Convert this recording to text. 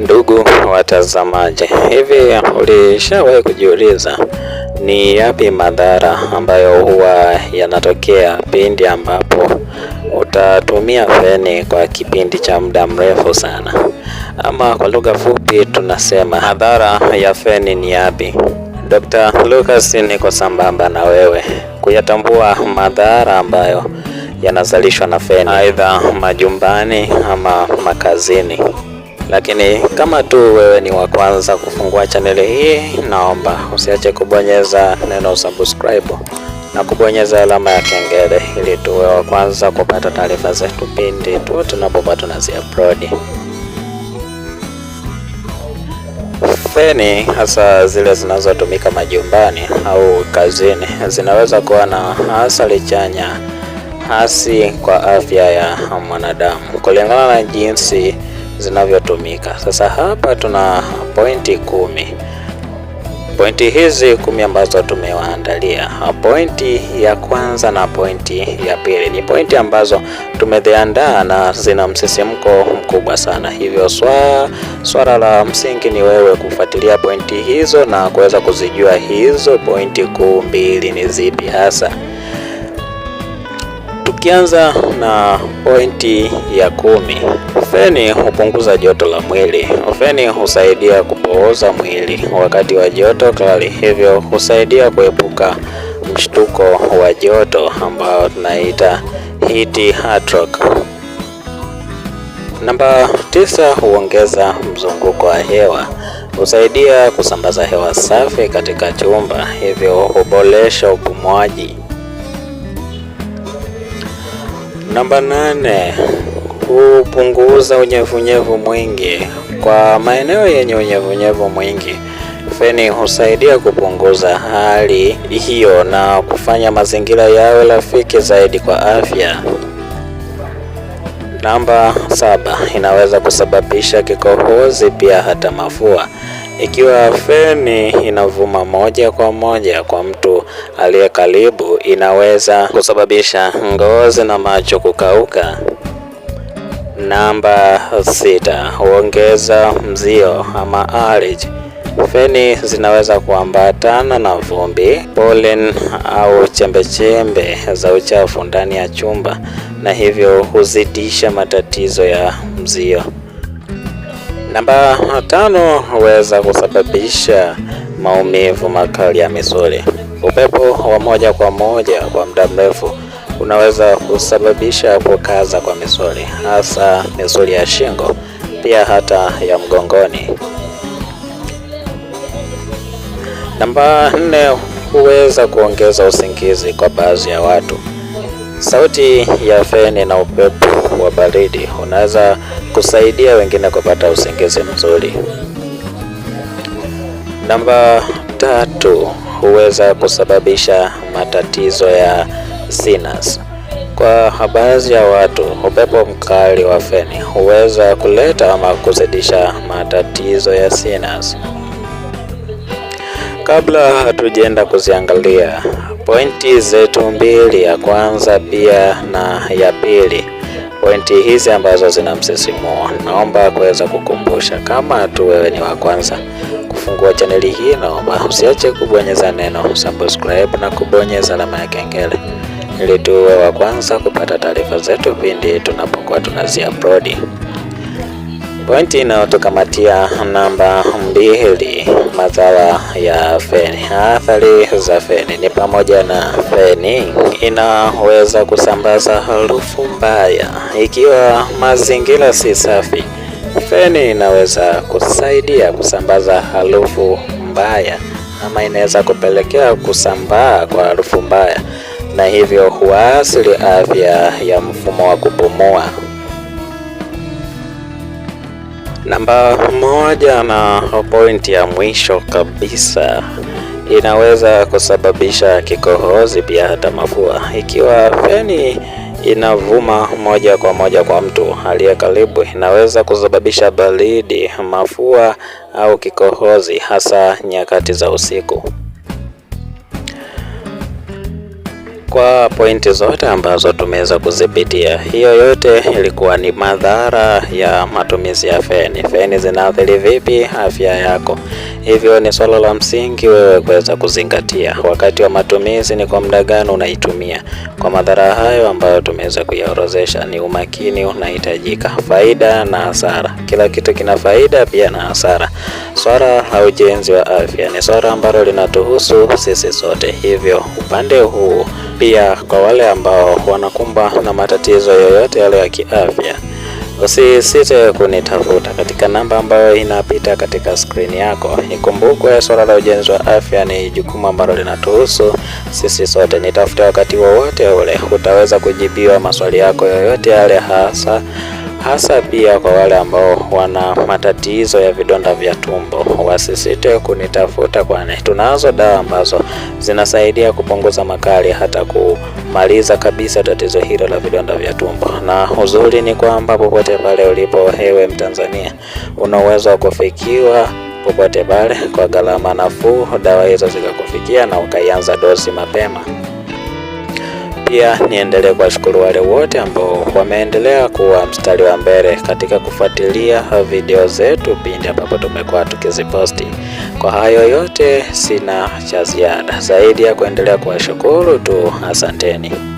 Ndugu watazamaji, hivi ulishawahi kujiuliza ni yapi madhara ambayo huwa yanatokea pindi ambapo utatumia feni kwa kipindi cha muda mrefu sana? Ama kwa lugha fupi tunasema madhara ya feni ni yapi? Dr. Lucas niko sambamba na wewe kuyatambua madhara ambayo yanazalishwa na feni, aidha majumbani ama makazini lakini kama tu wewe ni wa kwanza kufungua chaneli hii, naomba usiache kubonyeza neno subscribe na kubonyeza alama ya kengele ili tuwe wa kwanza kupata taarifa zetu pindi tu tunazi upload. Feni hasa zile zinazotumika majumbani au kazini zinaweza kuwa na athari chanya hasi kwa afya ya mwanadamu kulingana na jinsi zinavyotumika. Sasa hapa tuna pointi kumi. Pointi hizi kumi ambazo tumewaandalia, pointi ya kwanza na pointi ya pili ni pointi ambazo tumeziandaa na zina msisimko mkubwa sana, hivyo swala swala la msingi ni wewe kufuatilia pointi hizo na kuweza kuzijua hizo pointi kuu mbili ni zipi hasa. Tukianza na pointi ya kumi, feni hupunguza joto la mwili. Feni husaidia kupooza mwili wakati wa joto kali, hivyo husaidia kuepuka mshtuko wa joto ambao tunaita heat stroke. Namba tisa, huongeza mzunguko wa hewa. Husaidia kusambaza hewa safi katika chumba, hivyo huboresha upumuaji. Namba nane, hupunguza unyevunyevu mwingi. Kwa maeneo yenye unyevunyevu mwingi, feni husaidia kupunguza hali hiyo na kufanya mazingira yawe rafiki zaidi kwa afya. Namba saba, inaweza kusababisha kikohozi pia hata mafua ikiwa feni inavuma moja kwa moja kwa mtu aliye karibu inaweza kusababisha ngozi na macho kukauka. Namba sita, huongeza mzio ama allergy. Feni zinaweza kuambatana na vumbi, pollen au chembechembe za uchafu ndani ya chumba na hivyo huzidisha matatizo ya mzio. Namba tano, huweza kusababisha maumivu makali ya misuli. Upepo wa moja kwa moja kwa muda mrefu unaweza kusababisha kukaza kwa misuli, hasa misuli ya shingo, pia hata ya mgongoni. Namba nne, huweza kuongeza usingizi kwa baadhi ya watu. Sauti ya feni na upepo wa baridi unaweza kusaidia wengine kupata usingizi mzuri. Namba tatu, huweza kusababisha matatizo ya sinus. Kwa baadhi ya watu, upepo mkali wa feni huweza kuleta ama kuzidisha matatizo ya sinus. Kabla hatujaenda kuziangalia pointi zetu mbili, ya kwanza pia na ya pili, pointi hizi ambazo zinamsisimua, naomba kuweza kukumbusha kama tu wewe ni wa kwanza kufungua chaneli hii, naomba usiache kubonyeza neno subscribe na kubonyeza alama ya kengele ili tuwe wa kwanza kupata taarifa zetu pindi tunapokuwa tunaziaplodi. Pointi inayotokamatia namba mbili, madhara ya feni. Athari za feni ni pamoja na feni inaweza kusambaza harufu mbaya ikiwa mazingira si safi. Feni inaweza kusaidia kusambaza harufu mbaya ama inaweza kupelekea kusambaa kwa harufu mbaya na hivyo huathiri afya ya mfumo wa kupumua. Namba moja na pointi ya mwisho kabisa, inaweza kusababisha kikohozi pia hata mafua ikiwa feni inavuma moja kwa moja kwa mtu aliye karibu. Inaweza kusababisha baridi, mafua au kikohozi, hasa nyakati za usiku. Kwa pointi zote ambazo tumeweza kuzipitia, hiyo yote ilikuwa ni madhara ya matumizi ya feni. Feni zinaathiri vipi afya yako? Hivyo ni swala la msingi wewe kuweza kuzingatia wakati wa matumizi, ni kwa muda gani unaitumia. Kwa madhara hayo ambayo tumeweza kuyaorozesha, ni umakini unahitajika, faida na hasara. Kila kitu kina faida pia na hasara. Swala la ujenzi wa afya ni swala ambalo linatuhusu sisi sote, hivyo upande huu pia, kwa wale ambao wanakumbwa na matatizo yoyote yale ya kiafya Usisite kunitafuta katika namba ambayo inapita katika skrini yako. Ikumbukwe, swala la ujenzi wa afya ni jukumu ambalo linatuhusu sisi sote. Nitafute wakati wowote wa ule, utaweza kujibiwa maswali yako yoyote yale, hasa hasa pia kwa wale ambao wana matatizo ya vidonda vya tumbo, wasisite kunitafuta, kwani tunazo dawa ambazo zinasaidia kupunguza makali hata ku kumaliza kabisa tatizo hilo la vidonda vya tumbo. Na uzuri ni kwamba popote pale ulipo, hewe Mtanzania, una uwezo wa kufikiwa popote pale kwa gharama nafuu, dawa hizo zikakufikia na ukaianza dozi mapema. Pia niendelee kuwashukuru wale wote ambao wameendelea kuwa mstari wa mbele katika kufuatilia video zetu pindi ambapo tumekuwa tukiziposti. Kwa hayo yote sina cha ziada zaidi ya kuendelea kuwashukuru tu, asanteni.